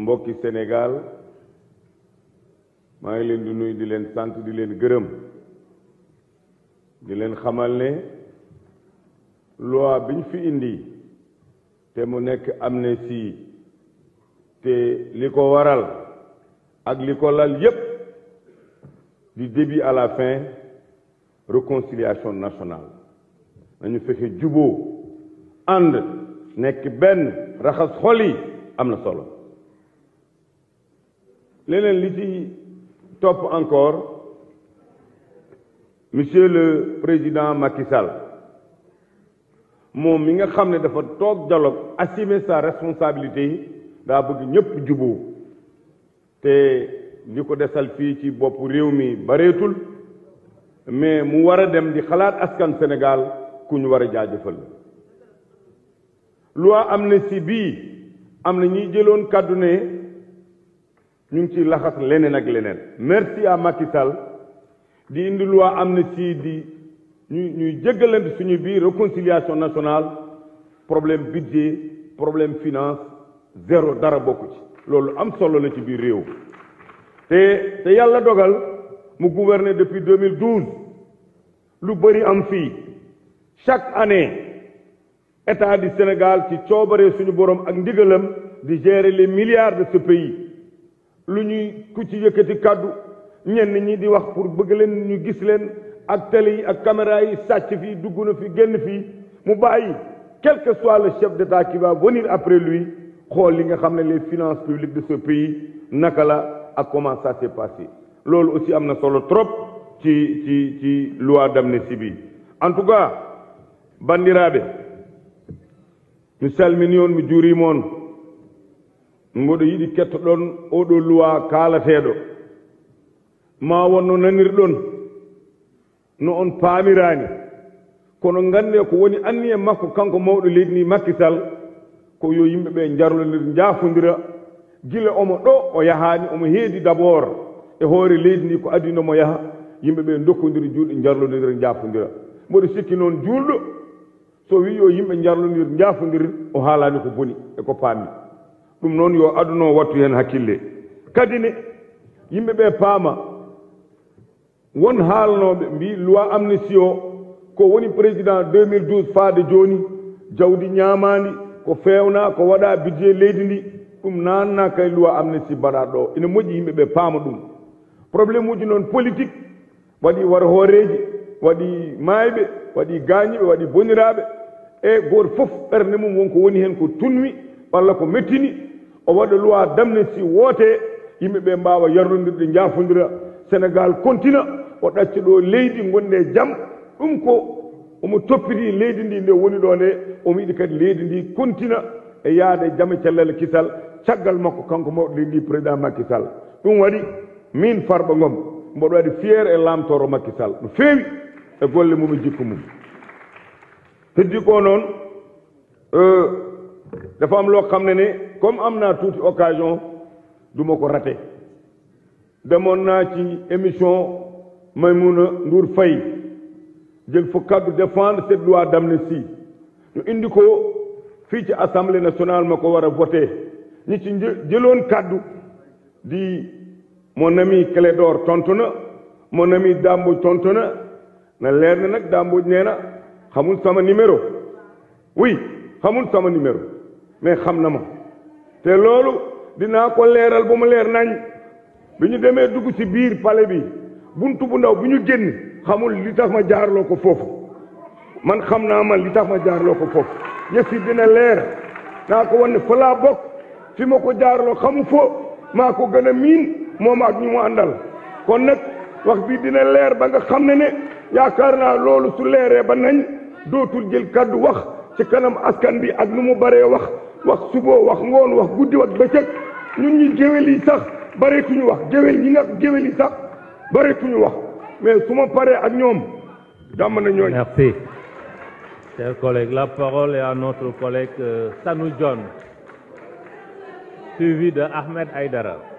mbokki Sénégal maa ngi leen di nuyu di leen sant di leen gërëm di leen xamal ne loi bi ñu fi indi te mu nekk amnistie te li ko waral ak li ko lal yépp du début à la fin réconciliation nationale nañu fexe juboo ànd nekk benn raxas xol yi am na solo leneen li ci topp encore monsieur le président makisal moom mi nga xam ne dafa toog dialogue assumer sa responsabilité yi daa bëgg ñëpp juboo te li ko desal fii ci bopp réew mi bareetul mais mu war a dem di xalaat askan Sénégal ku ñu war a jaajëfal loi amnistie bii am na ñuy jëloon kàddune ñu ngi ciy laxas leneen ak leneen merci à Macky Sall di indi loi amnistie di ñu ñuy jéggalante suñu biir réconciliation national problème budget problème finance zéro dara bokku loolu am solo la ci biir réew te te yàlla dogal mu gouverner depuis 2012 lu bëri am fii chaque année état du Sénégal ci coobare suñu borom ak ndigalam di gérer les milliards de ce pays lu ñuy ku ci yëkkati kàddu ñenn ñi di wax pour bëgg leen ñu gis leen ak télé yi ak caméra yi sàcc fii dugg na fi génn fii mu bàyyi quelque que soit le chef de qui va venir après lui xool li nga xam ne les finance publiques de ce pays naka la ak comment ça s'est loolu aussi am na solo trop ci ci ci loi d'amnistie bi en tout cas bandiraɓe mi salmini on mi juurima on mboɗo yiɗi kettoɗon oɗo luwa kaalateɗo ma wonno nanirɗon no on paamirani kono gande ko woni anni makko kanko mawɗo leydi ndi makkisal ko yo yimɓe ɓe jarlodir jaafodira gila omo ɗo o yahani omo heedi d'abord e hoore leydi ndi ko adinomo yaha yimɓe ɓe dokkodiri juulɗe jarlodira jaafodira mboɗo sikki noon juulɗo so wi yo yimɓe jarlodir jaafodir o haalani ko boni e ko paami ɗum noon yo aduno wattu heen hakkille kadi yimɓe ɓe paama won haalnooɓe mbi loi amnistie o ko woni président 2012 faade jooni jawdi ñaamaandi ko feewna ko waɗa budget leydi ndi ɗum naanna kay loi amnistie mbaɗaɗo o ene moƴƴi yimɓe ɓe paama ɗum probléme uji noon waɗi war hooreeji waɗi maayɓe waɗi gaañiɓe waɗi boniraaɓe e gooto fof ɓernde mum wonko woni heen ko tunmi walla ko mettini o waɗa loi damnesti woote yimɓe ɓe mbawa yarrodirɗe jafodira sénégal kontina o ɗacca ɗo leydi gonde jaam ɗum ko omo toppiti leydi ndi nde woni ɗo nde omo yiɗi kadi leydi ndi kontina e yaade jama cellal kisal caggal makko kanko mawɗo leydi ndi président makky ɗum waɗi min farɓa ngom mboɗo waɗi fiére e lamtoro makky no feewi e golle mum e jikku mum heddi ko noon euh, dafa am loo xam ne ne comme am naa tuuti occasion du ma ko raté demoon naa ci émission Maimouna Ndour fay jël fa kàddu défendre cette loi d'amnistie ñu indi ko fii ci assemblée nationale ma ko war a voté ñi ci jëloon kàddu di mon ami Clédor tontu na mon ami Dambou tontu na na leer na nag Dambou nee na xamul sama numéro oui xamul sama numéro mais xam na ma te loolu dinaa ko leeral ba mu leer nañ bi ñu demee dugg ci biir palais bi bunt bu ndaw bu ñu génn xamul li tax ma jaarloo ko foofu man xam naa man li tax ma jaarloo ko foofu yëf yi dina leer naa ko wan ne fa laa bokk fi ma ko xamu fo maa ko gën miin moom ak ñu mu àndal kon nag wax bi dina leer ba nga xam ne ne yaakaar naa loolu su leeree ba nañ dootul jël kàddu wax ci kanam askan bi ak nu mu bare wax wax suboo wax ngoon wax guddi wax bëccëg ñun ñi géwél yi sax bareetuñu wax géwél ñi nga géwél yi sax bareetuñu wax mais su ma paree ak ñoom dàmm na ñooy. merci. Chers collègues, la parole est à notre collègue sanu euh, Sanou John, suivi de Ahmed dara